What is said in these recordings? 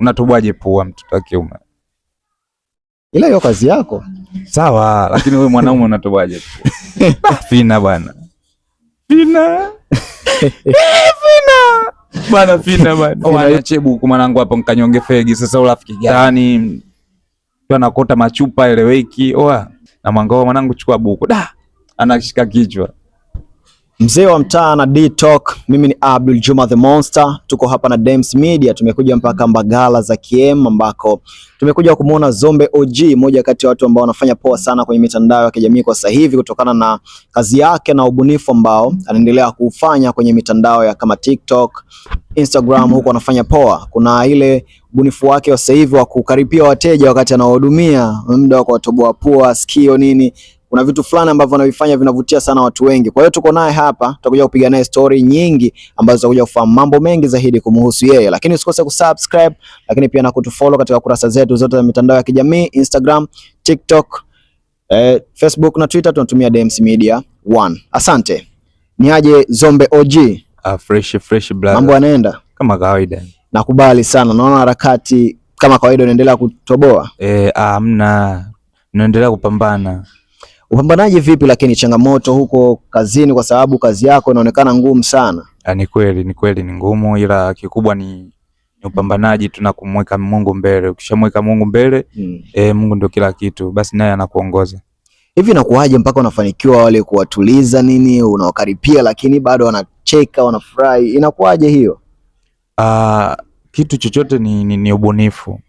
unatoboaje pua mtoto wa kiume? Ila hiyo kazi yako sawa, lakini wewe mwanaume unatoboaje pua? Ah, fina bwana, fina eh, fina bwana, fina bwana, chebu huku mwanangu hapo, nkanyonge fegi. Sasa urafiki gani? anakota machupa eleweki. Oa na mwangao mwanangu, chukua buku da, anashika kichwa Mzee wa mtaa na D-Talk, mimi ni Abdul Juma the Monster. Tuko hapa na Dems Media, tumekuja mpaka Mbagala za Kiem ambako tumekuja kumuona Zombe OG, moja kati ya watu ambao wanafanya poa sana kwenye mitandao ya kijamii kwa sasa hivi, kutokana na kazi yake na ubunifu ambao anaendelea kuufanya kwenye mitandao ya kama TikTok, Instagram, huko anafanya poa. Kuna ile ubunifu wake wa sasa hivi wa kukaripia wateja wakati anawahudumia, muda wa kuwatoboa pua, sikio, nini kuna vitu fulani ambavyo anavifanya vinavutia sana watu wengi. Kwa hiyo tuko naye hapa, tutakuja kupiga naye story nyingi ambazo tutakuja kufahamu mambo mengi zaidi kumhusu yeye, lakini usikose kusubscribe, lakini pia na kutufollow katika kurasa zetu zote za mitandao ya kijamii Instagram, TikTok, eh, Facebook na Twitter tunatumia DMC Media 1. Asante. Ni aje Zombe OG? Uh, ah, fresh fresh brother. Mambo yanaenda kama kawaida. Nakubali sana, naona harakati kama kawaida unaendelea kutoboa. Eh, ah, amna, naendelea kupambana upambanaji vipi lakini changamoto huko kazini, kwa sababu kazi yako inaonekana ngumu sana? Ya, ah, ni kweli ni kweli ni ngumu, ila kikubwa ni upambanaji tu na kumweka Mungu mbele. Ukishamweka Mungu mbele mm. E, Mungu ndio kila kitu, basi naye anakuongoza. Hivi nakuaje mpaka unafanikiwa wale kuwatuliza nini, unawakaripia lakini bado wanacheka wanafurahi, inakuwaje hiyo? Aa, ah, kitu chochote ni, ni, ni ubunifu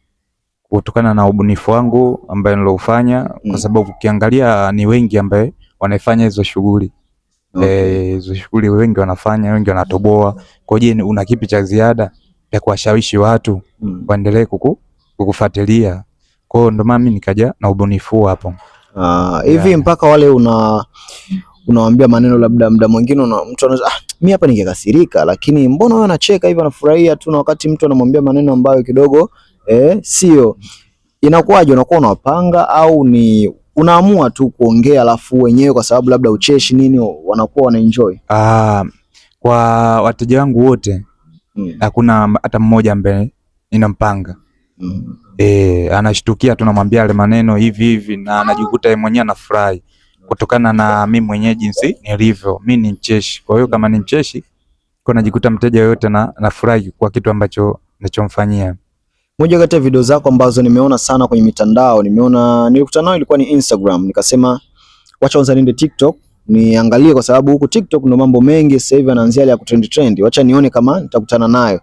kutokana na ubunifu wangu ambaye niloufanya mm. kwa sababu ukiangalia ni wengi ambaye wanafanya hizo shughuli okay. Eh, hizo shughuli wengi wanafanya, wengi wanatoboa. Kwa hiyo je, una kipi cha ziada ya kuwashawishi watu mm. waendelee kuku, kukufuatilia? Kwa hiyo ndo maana mimi nikaja na ubunifu hapo ah, hivi uh, yeah. mpaka wale una unawaambia maneno labda muda mwingine una, mtu anaweza ah, mimi hapa ningekasirika, lakini mbona wewe anacheka hivi anafurahia tu, na wakati mtu anamwambia maneno ambayo kidogo eh, sio inakuwaje? Unakuwa unapanga au ni unaamua tu kuongea alafu wenyewe kwa sababu labda ucheshi nini, wanakuwa wanaenjoy? Ah, kwa wateja wangu wote mm. hakuna hmm, hata mmoja ambaye ninampanga hmm. Eh, anashtukia tu namwambia ale maneno hivi hivi na anajikuta yeye mwenyewe anafurahi kutokana na mi mwenyewe jinsi nilivyo. Mimi ni mcheshi, kwa hiyo kama ni mcheshi, kwa najikuta mteja yoyote na nafurahi kwa kitu ambacho nachomfanyia. Moja kati ya video zako ambazo nimeona sana kwenye mitandao, nimeona nilikutana nayo ilikuwa ni Instagram, nikasema wacha kwanza niende TikTok niangalie, kwa sababu huku TikTok ndo mambo mengi sasa hivi yanaanzia ya kutrend trend, wacha nione kama nitakutana nayo.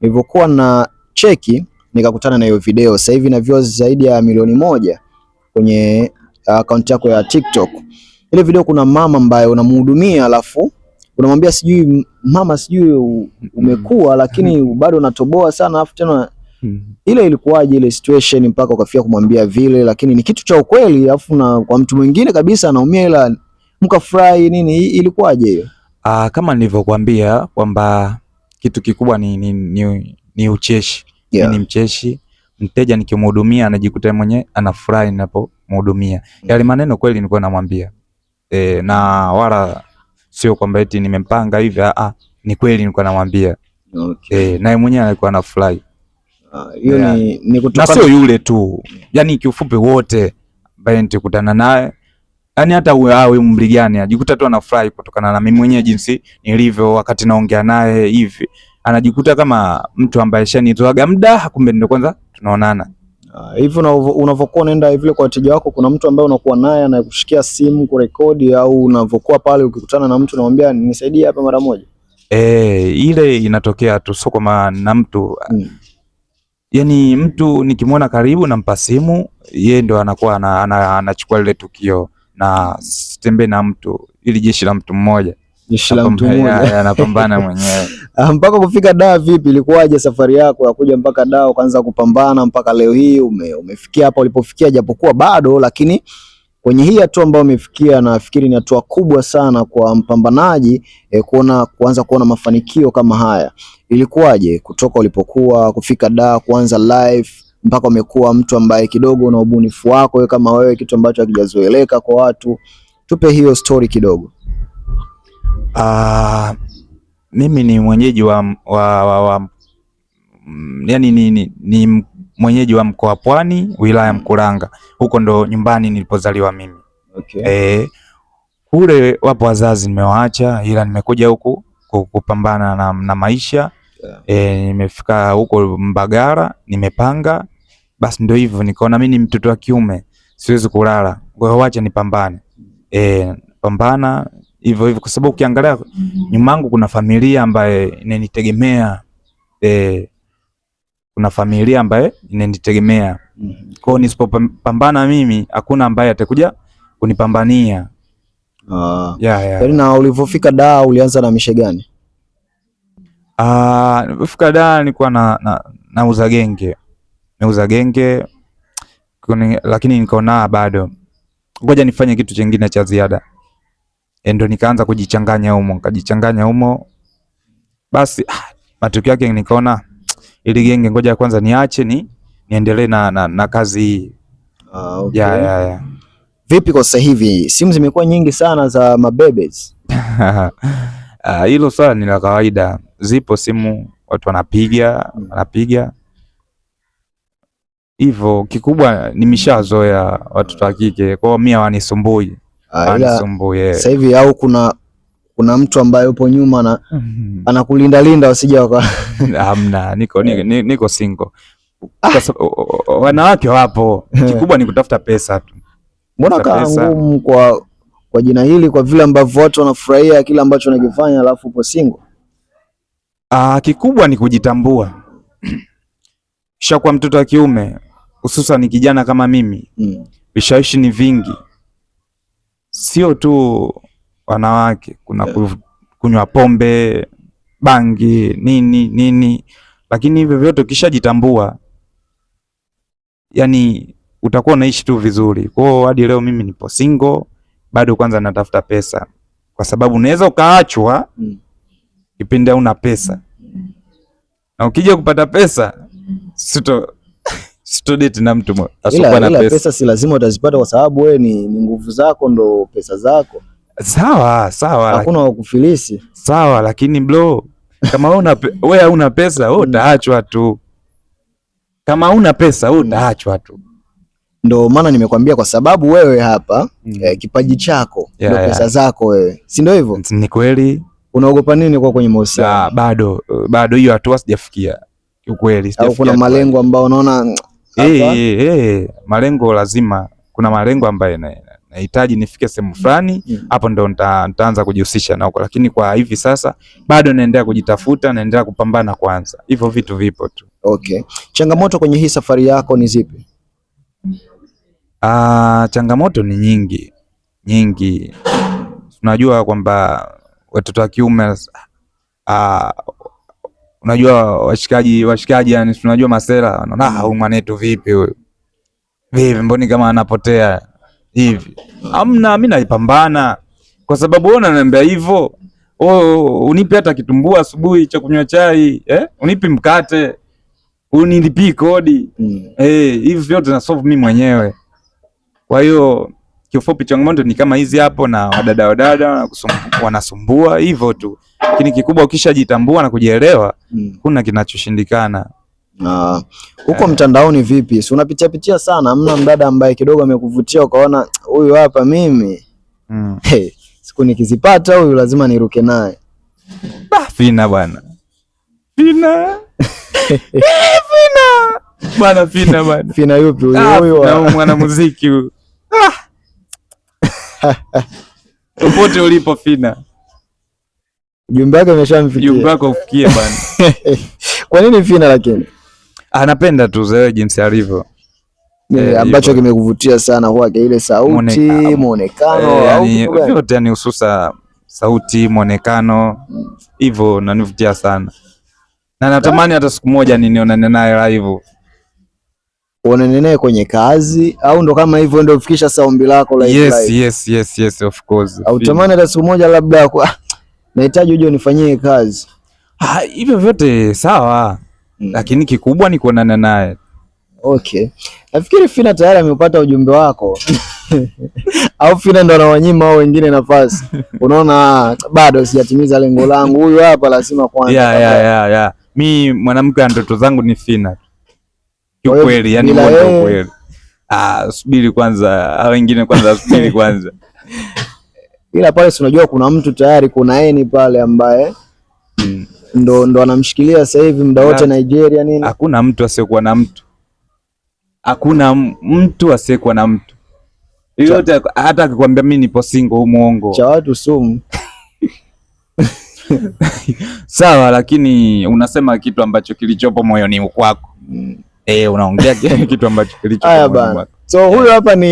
Nilivyokuwa na cheki nikakutana na hiyo video. Sasa hivi na views zaidi ya milioni moja kwenye uh, account yako ya TikTok. Ile video kuna mama ambaye unamhudumia alafu unamwambia sijui mama, sijui umekua lakini mm-hmm. bado unatoboa sana, alafu tena Hmm. Ile ilikuwaje ile situation mpaka ukafia kumwambia vile, lakini ni kitu cha ukweli, afu na kwa mtu mwingine kabisa anaumia, ila mkafurahi nini, ilikuwaje hiyo? Ah, kama nilivyokuambia kwamba kitu kikubwa ni, ni, ni, ni ucheshi yeah. Ni mcheshi mteja, nikimhudumia anajikuta mwenyewe anafurahi ninapomhudumia. mm. Yale maneno kweli nilikuwa namwambia e, na wala sio kwamba eti nimempanga hivi, ah, ah ni kweli nilikuwa namwambia okay. E, naye mwenyewe alikuwa anafurahi Ah, hiyo uh, yeah. Ni, ni kutoka... na sio yule tu yani, kiufupi wote ambaye nitakutana naye yani, hata awe umri gani ajikuta tu anafurahi kutokana na mimi mwenyewe jinsi nilivyo, wakati naongea naye hivi anajikuta kama mtu ambaye shanitoaga muda, kumbe ndio kwanza tunaonana ah, hivyo uh, unavyokuwa unaenda vile kwa wateja wako, kuna mtu ambaye unakuwa naye anakushikia simu kurekodi, au unavyokuwa pale ukikutana na mtu unamwambia nisaidie hapa mara moja? Eh, ile inatokea tu, sio kama na mtu mm yani mtu nikimwona karibu nampa simu, yeye ndo anakuwa anachukua lile tukio, na sitembee na mtu ili jeshi la mtu mmoja jeshi la mtu mmoja anapambana mwenyewe ah, mpaka kufika daa Vipi, ilikuwaje safari yako ya kuja mpaka daa ukaanza kupambana mpaka leo hii ume, umefikia hapa ulipofikia, japokuwa bado lakini kwenye hii hatua ambayo amefikia, nafikiri ni hatua kubwa sana kwa mpambanaji e, kuona kuanza kuona mafanikio kama haya. Ilikuwaje kutoka ulipokuwa kufika da kuanza live mpaka umekuwa mtu ambaye kidogo na ubunifu wako wewe kama wewe, kitu ambacho hakijazoeleka kwa watu? Tupe hiyo story kidogo. Uh, mimi ni mwenyeji wa, wa, wa, wa, mm, yani ni, ni, ni mwenyeji wa mkoa Pwani, wilaya mm. Mkuranga. Huko ndo nyumbani nilipozaliwa mimi. Okay. E, kule wapo wazazi nimewaacha, ila nimekuja huku kupambana na, na maisha yeah. E, nimefika huko Mbagara nimepanga, basi ndio hivyo, nikaona mimi ni mtoto wa kiume siwezi kulala, kwa hiyo wacha nipambane. E, pambana hivyo hivyo, kwa sababu ukiangalia mm-hmm. nyuma yangu kuna familia ambaye inanitegemea e, kuna familia ambaye inanitegemea. Mhm. Kwa nisipopambana mimi hakuna ambaye atakuja kunipambania. Uh, Yeah, yeah. Na ulivyofika da ulianza na mishe gani? Ah, nilipofika da nilikuwa na na genge. Nauza genge kuni, lakini nikaona bado ngoja nifanye kitu chingine cha ziada. Eh, ndo nikaanza kujichanganya humo, nikajichanganya humo. Basi ah, matokeo yake nikaona ili genge, ngoja kwanza niache ni niendelee na, na, na kazi hii. Ah, okay. ya, ya, ya. Vipi kwa sasa hivi simu zimekuwa nyingi sana za mabebes? Ah, hilo swala ni la kawaida. Zipo simu watu wanapiga hmm. wanapiga hivyo, kikubwa nimeshazoea hmm. watoto wa kike kwao, mimi hawanisumbui. Ah, sasa hivi au kuna kuna mtu ambaye yupo nyuma na mhm. anakulinda linda wasija waka hamna. Niko niko, niko single ah! wanawake wapo, kikubwa ni kutafuta pesa tu. Mbona kaa ngumu kwa kwa jina hili, kwa vile ambavyo watu wanafurahia kile ambacho unakifanya alafu upo single? Ah, kikubwa ni kujitambua. Kisha kwa mtoto wa kiume hususan ni kijana kama mimi, mm. vishawishi ni vingi, sio tu wanawake, kuna yeah. kunywa pombe, bangi, nini nini, lakini hivyo vyote ukishajitambua, yani utakuwa unaishi tu vizuri. hiyo hadi leo mimi nipo single bado, kwanza natafuta pesa, kwa sababu unaweza ukaachwa mm. kipindi una pesa, na ukija kupata pesa sito student na mtu asiyokuwa na pesa. Pesa si lazima utazipata, kwa sababu wewe ni nguvu zako, ndo pesa zako Sawa sawa, hakuna wa kufilisi. Sawa, lakini bro, kama wewe una wewe hauna pesa, wewe utaachwa tu. Kama una pesa wewe utaachwa tu. Ndo maana nimekwambia kwa sababu wewe hapa mm. eh, kipaji chako yeah, ndo pesa yeah. zako wewe, si ndio hivyo? Ni kweli. Unaogopa nini kwa kwenye mahusiano? Ah, bado bado hiyo hatua sijafikia ukweli, sijafikia. Kuna malengo ambayo unaona hey, hey, hey. malengo lazima kuna malengo ambayo nahitaji nifike sehemu mm. fulani mm hapo -hmm. ndo nitaanza kujihusisha huko, lakini kwa hivi sasa bado naendelea kujitafuta, naendelea kupambana kwanza, hivyo vitu vipo tu. Okay, changamoto kwenye hii safari yako ni zipi? Ah, changamoto ni nyingi nyingi. Unajua kwamba watoto wa kiume ah, unajua washikaji washikaji, yani tunajua masera, wanaona, ah, huyu mwanetu vipi huyu vipi, mboni kama anapotea hivi. Amna, mimi naipambana kwa sababu wewe unaniambia hivyo. Oh, unipe hata kitumbua asubuhi cha kunywa chai eh? Unipe mkate unilipi kodi mm. Eh, hivi vyote na solve mimi mwenyewe. Kwa hiyo kiufupi, changamoto ni kama hizi hapo, na wadada wadada wanasumbua hivyo tu, lakini kikubwa ukishajitambua na kujielewa, mm. kuna kinachoshindikana. Uh, huko mtandaoni vipi? Si unapitia pitia sana, mna mdada ambaye kidogo amekuvutia ukaona huyu hapa mimi mm. Hey, siku nikizipata huyu lazima niruke naye. Fina bwana, fina eh, Fina. bwana, fina bwana, fina yupi huyu? Ah, huyu mwana muziki huyu, ah! popote ulipo fina, Jumbe wake ameshamfikia. Jumbe wako ufikie bwana. Kwa nini fina lakini anapenda ah, tu zewe jinsi alivyo. Yeah, ambacho kimekuvutia sana kwake ile sauti, muonekano eh, yani, vyote yani hususa sauti, muonekano hivyo mm. nanivutia sana na natamani hata siku moja ninionane naye live. Uonane naye kwenye kazi au ndo kama hivyo ndio ufikisha saumbi lako la live. Yes, yes, yes, yes, of course. Au tamani hata siku moja labda nahitaji uje unifanyie kazi. Ah, hivyo vyote sawa. Mm. Lakini kikubwa ni kuonana naye. Okay, nafikiri Fina tayari ameupata ujumbe wako au Fina ndo anawanyima wao wengine nafasi? Unaona, bado sijatimiza lengo langu, huyu hapa lazima kwanza. yeah, yeah, yeah, yeah. Mi mwanamke wa ndoto zangu ni Fina kiukweli, yani kweli. Ah, subiri kwanza, au wengine kwanza, subiri kwanza ila pale si unajua kuna mtu tayari kuna eni pale ambaye mm ndo ndo anamshikilia sasa hivi muda wote Nigeria nini. Hakuna mtu asiyekuwa na mtu, hakuna mtu asiyekuwa na mtu yote, hata akikwambia mimi nipo single, huu cha watu sumu sawa, lakini unasema kitu ambacho kilichopo moyoni kwako. Mm. Eh, unaongea kitu ambacho kilichopo moyoni kwako. So huyo eh. hapa ni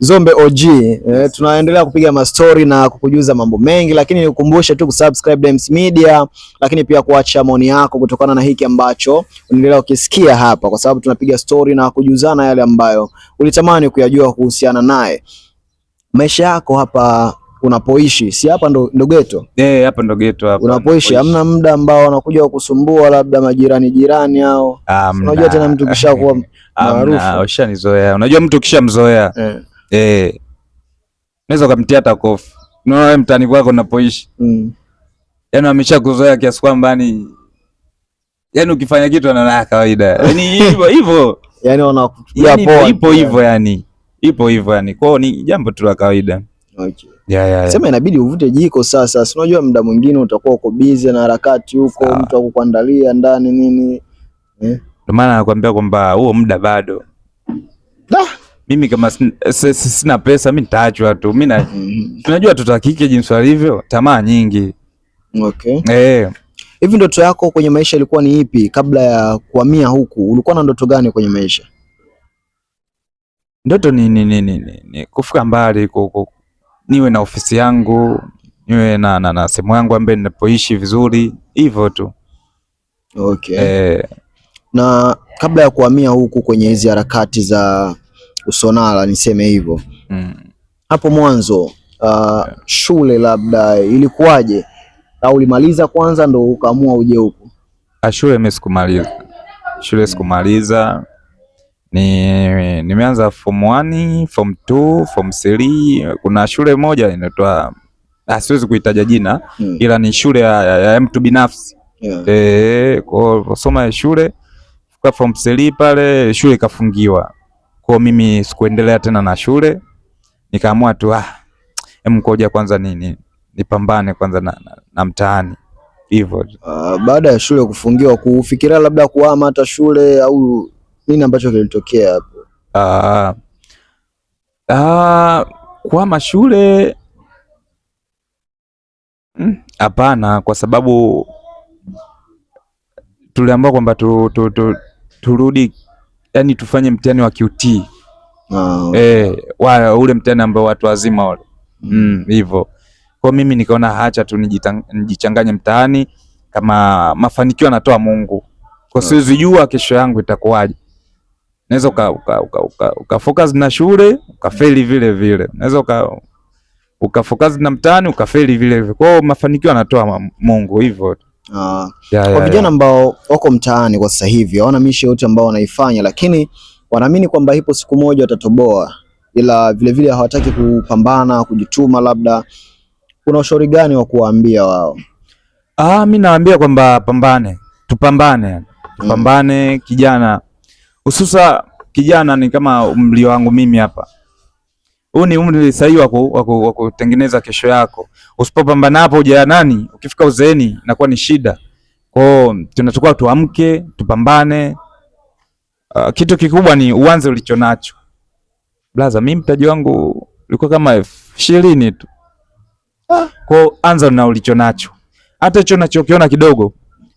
Zombe OG eh, tunaendelea kupiga mastori na kukujuza mambo mengi, lakini nikukumbushe tu kusubscribe Dems Media, lakini pia kuacha maoni yako kutokana na hiki ambacho unaendelea ukisikia hapa, kwa sababu tunapiga stori na kujuzana yale ambayo ulitamani kuyajua kuhusiana naye maisha yako hapa unapoishi si hapa ndo ndo geto eh, hapa ndo geto hapa unapoishi. Hamna muda ambao wanakuja kukusumbua, labda majirani jirani au Unajua tena mtu kishakuwa maarufu, ushanizoea. Unajua mtu kishamzoea eh eh, naweza kumtia hata kofi. Unaona wewe mtani wako unapoishi mm. Yani wamesha kuzoea kiasi kwamba ni yani ukifanya kitu anaona kawaida yani hivyo hivyo yani wanakuchukulia yaani poa, ipo hivyo yani ipo hivyo yani kwao ni jambo tu la kawaida. Okay. Yeah, yeah, yeah. Sema inabidi uvute jiko sasa. Si unajua muda mwingine utakuwa uko busy na harakati huko, mtu akukuandalia ndani nini, eh? ndio maana nakwambia kwamba huo muda bado da mimi kama sina pesa mi nitaachwa tu. Mi mm-hmm. tunajua tutakike jinsi alivyo tamaa nyingi. Okay. Eh. Hivi ndoto yako kwenye maisha ilikuwa ni ipi kabla ya kuhamia huku? Ulikuwa na ndoto gani kwenye maisha? Ndoto ni ni, ni, ni, ni kufika mbali, kuku, niwe na ofisi yangu, niwe na na, na sehemu yangu ambaye ninapoishi vizuri, hivyo tu. Okay. Eh. Na kabla ya kuhamia huku kwenye hizi harakati za usonara, niseme hivyo mm. Hapo mwanzo uh, yeah. Shule labda ilikuwaje, au ulimaliza kwanza ndo ukaamua uje huku? Ah, shule mimi sikumaliza shule, sikumaliza ni nimeanza form 1 form 2 form 3. Kuna shule moja inaitwa ah, siwezi kuitaja jina mm. ila ni shule ya, ya ya mtu binafsi yeah. E, kwa kusoma shule kwa form 3 pale shule ikafungiwa kwa mimi sikuendelea tena na shule, nikaamua tu ah, hem koja kwanza nini nipambane kwanza na, na, na mtaani hivyo. Uh, baada ya shule kufungiwa, kufikiria labda kuhama hata shule au nini ambacho kilitokea hapo? Uh, uh, kuhama shule hmm, hapana, hmm, kwa sababu tuliambiwa kwamba tu, tu, tu, turudi yani tufanye mtihani wa QT wow. Eh, wa, ule mtihani ambao watu wazima wale mm. Mm, hivyo mm, kwa mimi nikaona hacha tu nijichanganye mtaani, kama mafanikio anatoa Mungu, kwa mm. siwezi jua kesho yangu itakuwaje. Naweza uka, uka, uka, uka, uka focus na shule ukafeli vile vile, naweza uka, uka focus na mtaani ukafeli vile vile. Kwa hiyo mafanikio anatoa Mungu hivyo. Uh, yeah, kwa vijana ambao yeah, wako mtaani kwa sasa hivi hawana mishi yote ambao wanaifanya, lakini wanaamini kwamba ipo siku moja watatoboa, ila vilevile hawataki kupambana, kujituma. Labda kuna ushauri gani wa kuwaambia wao? Ah, mimi naambia kwamba pambane, tupambane, mm. tupambane mm. Kijana hususa kijana ni kama umri wangu mimi hapa huu ni umri sahihi wa kutengeneza kesho yako. Usipopambana hapo uja nani, ukifika uzeeni inakuwa ni shida. Kwao tunachukua tuamke, tupambane. Uh, kitu kikubwa ni uanze ulicho nacho. Blaza, mimi mtaji wangu ulikuwa kama elfu ishirini tu. Ah, kwao anza na ulicho nacho. Hata hicho unachokiona kidogo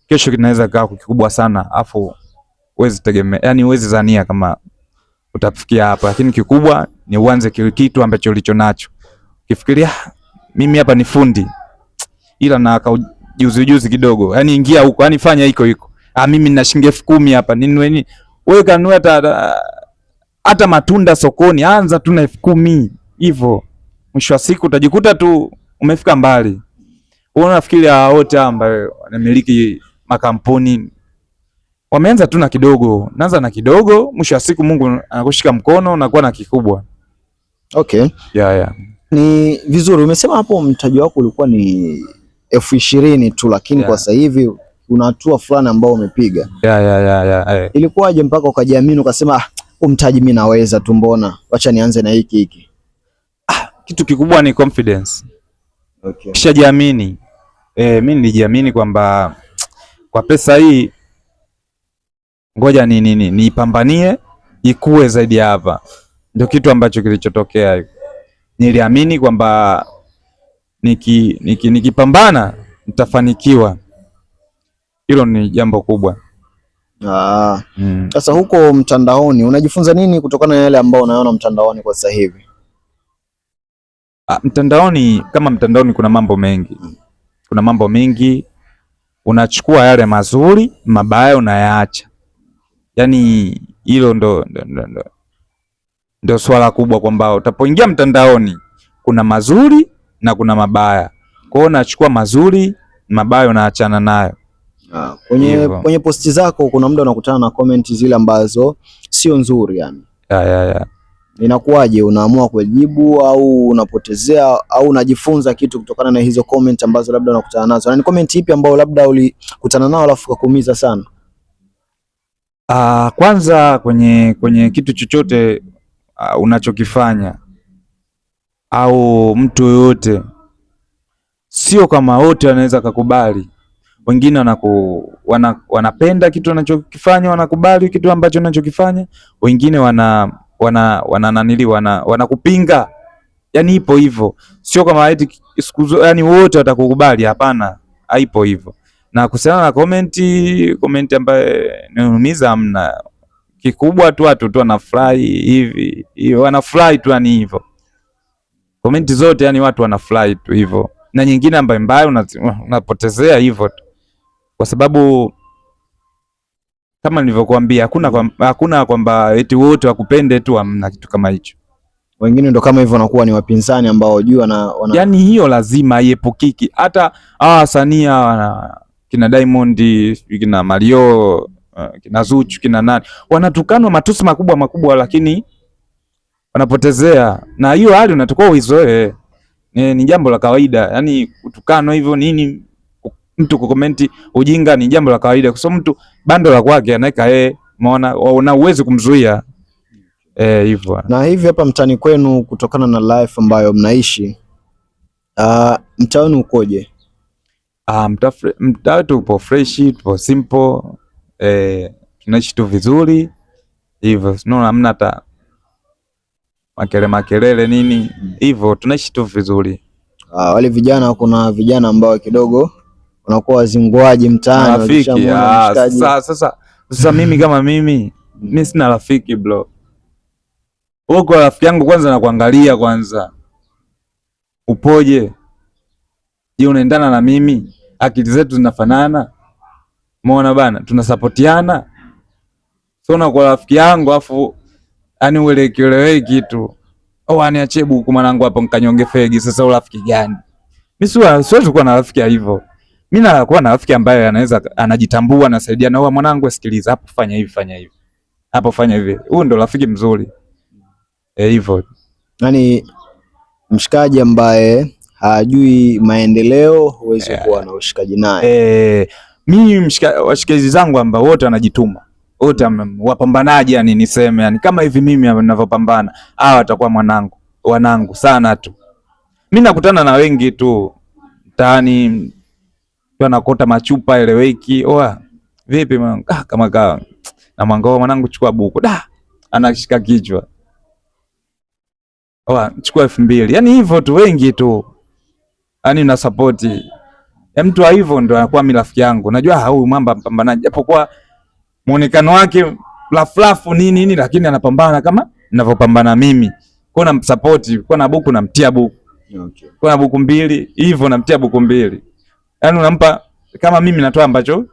kesho kinaweza kaa kikubwa sana, afu uwezi tegemea, yani uwezi zania kama utafikia hapa, lakini kikubwa ni uanze kitu ambacho ulicho nacho. Ukifikiria mimi hapa ni fundi ila na kaujuzi juzi kidogo, yani ingia huko, yani fanya hiko hiko. Ah, mimi nina shilingi elfu kumi hapa ninunue nini? Wewe kanunua hata hata matunda sokoni, anza tu na elfu kumi hivyo, mwisho wa siku utajikuta tu umefika mbali. nafikiri hawa wote ambao wanamiliki makampuni wameanza tu na kidogo, naanza na kidogo, mwisho wa siku Mungu anakushika mkono, na kuwa na kikubwa. Okay. Yeah, yeah. Ni vizuri umesema hapo, mtaji wako ulikuwa ni elfu ishirini tu, lakini yeah. kwa sasa hivi kuna hatua fulani ambao umepiga. yeah, yeah, yeah, yeah, yeah. Ilikuwaje mpaka ukajiamini ukasema ah, mtaji mimi naweza tu, mbona wacha nianze na hiki hiki? Ah, kitu kikubwa ni confidence. Okay. Kisha jiamini. Eh, mimi nilijiamini kwamba kwa pesa hii ngoja ni nini niipambanie ikue zaidi hapa. Ndio kitu ambacho kilichotokea. Niliamini kwamba nikipambana niki, niki nitafanikiwa. Hilo ni jambo kubwa. Ah. Hmm. Sasa mm. Huko mtandaoni unajifunza nini kutokana na yale ambayo unaona mtandaoni kwa sasa hivi? Ah, mtandaoni kama mtandaoni kuna mambo mengi, kuna mambo mengi, unachukua yale mazuri, mabaya unayaacha. Yaani hilo ndo, ndo, ndo, ndo ndio swala kubwa, kwamba utapoingia mtandaoni kuna mazuri na kuna mabaya. Kwa hiyo unachukua mazuri, mabaya unaachana nayo. Ah, kwenye, kwenye posti zako kuna muda unakutana na comment zile ambazo sio nzuri yani. Ya, ya, ya. Inakuwaje, unaamua kujibu au unapotezea au unajifunza kitu kutokana na hizo comment ambazo labda unakutana nazo? Na ni comment ipi ambayo labda ulikutana nao alafu kakuumiza sana? Ah, kwanza kwenye kwenye kitu chochote uh, unachokifanya au mtu yoyote, sio kama wote wanaweza kukubali. Wengine wanaku, wana, wanapenda kitu wanachokifanya wanakubali kitu ambacho unachokifanya, wengine wana wana wana nanili wana wanakupinga. Yani ipo hivyo, sio kama eti siku yani wote watakukubali. Hapana, haipo hivyo. Na kuhusiana na comment comment ambayo niumiza, amna kikubwa tu watu tu wanafurahi hivi hiyo, wanafurahi tu yani hivyo. Komenti zote yani watu wanafurahi tu hivyo, na nyingine ambayo mbaya unapotezea hivyo tu, kwa sababu kama nilivyokuambia, hakuna hakuna kwamba eti wote wakupende tu, amna kitu kama hicho. Wengine ndo kama hivyo wanakuwa ni wapinzani ambao juu wana, wana... yani hiyo lazima iepukiki. Hata ah, wasanii kina Diamond kina Mario kina ah, Zuchu kina nani wanatukanwa matusi makubwa makubwa, lakini wanapotezea, na hiyo hali unatakiwa uizoe. E, ni jambo la kawaida yani kutukanwa hivyo nini, mtu kukomenti ujinga ni jambo la kawaida, kwa sababu mtu bando la kwake anaweka yeye, umeona, na uwezi kumzuia eh, hivyo na hivi hapa mtani kwenu, kutokana na life ambayo mnaishi uh, mtaa wenu ukoje? Uh, mtaa wetu upo fresh, tupo simple eh, tunaishi tu vizuri hivyo, no hamna hata makelele makelele nini hivyo, tunaishi tu vizuri. Ah, wale vijana, kuna vijana ambao kidogo wanakuwa wazinguaji mtaani. Ah, sasa sasa sasa mimi kama mimi mimi sina rafiki bro, huko rafiki yangu kwanza nakuangalia kwanza upoje, je, unaendana na mimi? Akili zetu zinafanana? Umeona bana, tunasapotiana. Sio na kwa rafiki yangu afu yani ueleweki ueleweki tu. Au oh, aniachie buku mwanangu hapo nikanyonge fegi. Sasa urafiki gani? Mimi siwa siwezi kuwa na rafiki hivyo. Mimi nakuwa na rafiki ambaye anaweza anajitambua, na saidia na mwanangu, asikiliza hapo, fanya hivi, fanya hivi. Hapo fanya hivi. Huyu ndo rafiki mzuri. Eh, hivyo. Yaani mshikaji ambaye hajui maendeleo huwezi yeah, kuwa na ushikaji naye. Eh mimi washikaji zangu ambao wote wanajituma wote wapambanaji, yani niseme, yani kama hivi mimi ninavyopambana, hawa watakuwa mwanangu wanangu sana tu. Mimi nakutana na wengi tu mtaani, anakota machupa ile eleweki, oa vipi mwanangu, ah, kama kawa na mwanangu, mwanangu chukua buku da, anashika kichwa, oa chukua elfu mbili, yani hivyo tu, wengi tu, yani na support ya mtu hivyo ndo anakuwa mimi rafiki yangu. Najua huyu mwamba mpambanaji, japokuwa muonekano wake laflafu nini nini, lakini anapambana kama ninavyopambana mimi. Kwa na support, kwa na buku namtia buku. Okay. Kwa na buku mbili, hivyo namtia buku mbili. Yaani unampa kama mimi natoa ambacho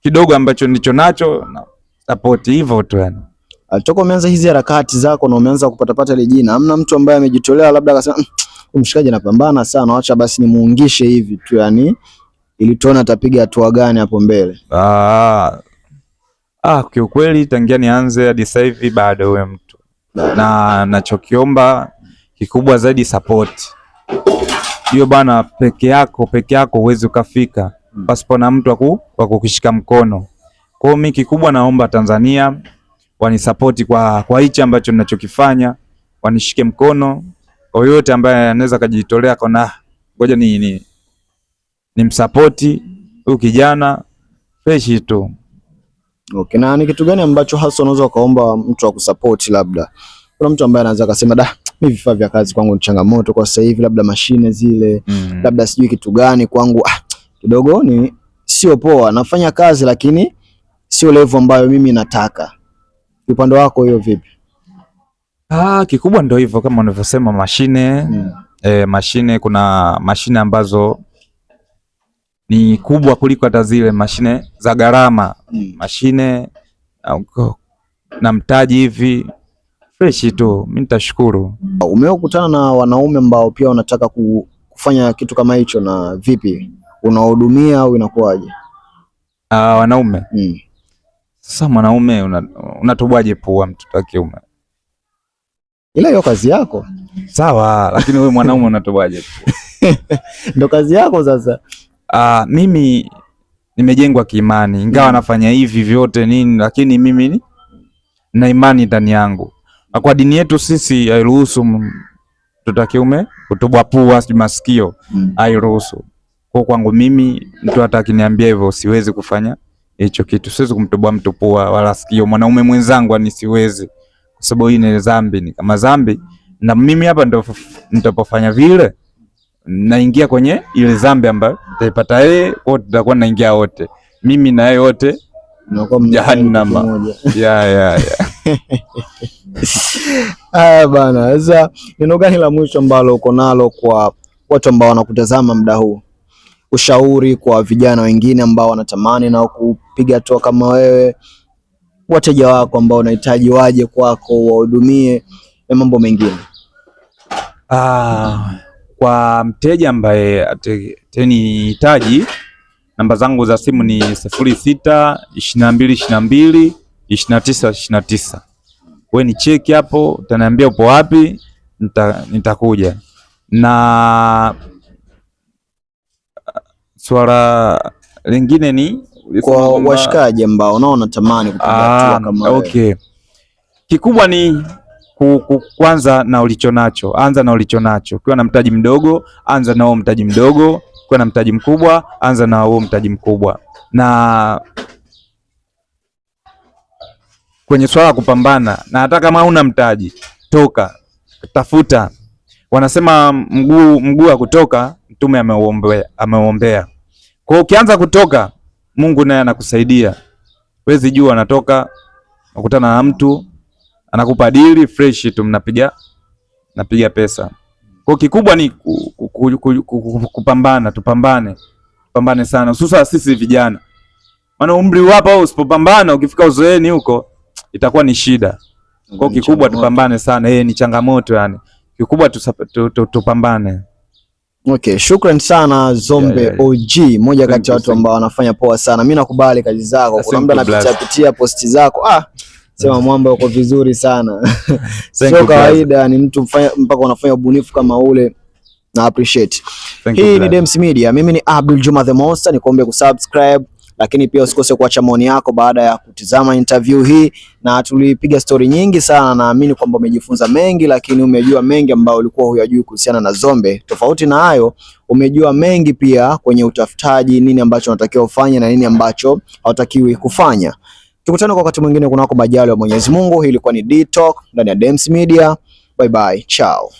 kidogo ambacho nilicho nacho na support hivyo tu yani. Toka umeanza hizi harakati zako na umeanza kupata pata ile jina, hamna mtu ambaye amejitolea labda akasema mm, mshikaji anapambana sana, acha basi nimuungishe hivi tu, yani ili tuone atapiga hatua gani hapo mbele. Ah, ah, kiukweli tangia nianze hadi sasa hivi bado wewe mtu, na nachokiomba kikubwa zaidi support hiyo bana. Peke yako peke yako huwezi ukafika pasipo na mtu wa kukushika mkono. Kwa hiyo mimi kikubwa naomba Tanzania wanisapoti kwa kwa hichi ambacho ninachokifanya, wanishike mkono yoyote ambaye anaweza kujitolea kona, ngoja ni ni nimsapoti huyu kijana freshi tu. Okay, na ni kitu gani ambacho hasa unaweza ukaomba mtu akusapoti? Labda kuna mtu ambaye anaweza kusema da, mimi vifaa vya kazi kwangu ni changamoto kwa sasa hivi, labda mashine zile mm -hmm. labda sijui kitu gani kwangu ah, kidogo ni sio poa, nafanya kazi lakini sio level ambayo mimi nataka. Upande wako hiyo vipi? Ah, kikubwa ndio hivyo kama unavyosema mashine mm. Eh, mashine kuna mashine ambazo ni kubwa kuliko hata zile mashine za gharama mm. mashine na mtaji hivi freshi tu, mimi nitashukuru. umeokutana na wanaume ambao pia wanataka kufanya kitu kama hicho, na vipi unawahudumia au inakuwaje? Ah, wanaume mm. Sasa mwanaume unatoboaje una pua mtoto wa kiume ila hiyo kazi yako sawa, lakini wewe mwanaume unatobaje? Ndo kazi yako sasa. Uh, mimi nimejengwa kiimani, ingawa mm. nafanya hivi vyote nini, lakini mimi ni, na imani ndani yangu, kwa dini yetu sisi hairuhusu mtoto wa kiume kutubwa pua, sijui masikio, mm. hairuhusu. Kwa kwangu mimi, mtu hata akiniambia hivyo, siwezi kufanya hicho kitu, siwezi kumtubwa mtu pua wala sikio, mwanaume mwenzangu, ani siwezi kwa sababu hii ni dhambi, ni kama dhambi, na mimi hapa ndo nitapofanya vile, naingia kwenye ile dhambi ambayo nitaipata yeye, wote tutakuwa naingia wote, mimi na yeye wote Jahannama. ya, ya, ya. Haya bana, sasa neno gani la mwisho ambalo uko nalo kwa watu ambao wanakutazama muda huu, ushauri kwa vijana wengine ambao wanatamani nao kupiga hatua kama wewe? wateja wako ambao unahitaji waje kwako wahudumie na mambo mengine? Ah, kwa mteja ambaye atenihitaji namba zangu za simu ni sifuri sita ishirini na mbili ishirini na mbili ishirini na tisa ishirini na tisa. We ni cheki hapo, utaniambia upo wapi, nitakuja nita na swala lingine ni kwa washikaji ambao nao natamani kupiga ah, kama okay. Kikubwa ni kwanza na ulicho nacho, anza na ulicho nacho. Ukiwa na mtaji mdogo, anza na huo mtaji mdogo. Ukiwa na mtaji mkubwa, anza na huo mtaji mkubwa. Na kwenye swala ya kupambana, na hata kama una mtaji, toka tafuta. Wanasema mguu mguu wa kutoka, Mtume ameuombea ameuombea. Kwa ukianza kutoka Mungu naye anakusaidia. Wezi jua anatoka nakutana na mtu anakupa dili fresh tu, mnapiga napiga pesa. Kwa kikubwa ni kupambana, tupambane, tupambane sana, hususan sisi vijana, maana umri wapo au usipopambana, ukifika uzoeni huko itakuwa ni shida. Kwa kikubwa tupambane sana, yeye eh, ni changamoto yani, kikubwa tupambane. Okay, shukran sana Zombe yeah, yeah. OG, mmoja kati ya watu ambao wanafanya poa sana. mi nakubali kazi zako. Kuna mtu anapitia pitia posti zako. Ah, sema mwamba uko vizuri sana. Sio kawaida ni mtu mfanya, mpaka unafanya ubunifu kama ule. Na appreciate. Hii ni Dems Media. Mimi ni Abdul Juma the Monster, nikuombe kusubscribe lakini pia usikose kuacha maoni yako baada ya kutizama interview hii, na tulipiga stori nyingi sana. Naamini kwamba umejifunza mengi, lakini umejua mengi ambayo ulikuwa huyajui kuhusiana na Zombe. Tofauti na hayo, umejua mengi pia kwenye utafutaji, nini ambacho unatakiwa ufanye na nini ambacho hautakiwi kufanya. Tukutane kwa wakati mwingine kunako majalo ya Mwenyezi Mungu. Hii ilikuwa ni D ndani ya Dems Media. Bye bye, chao.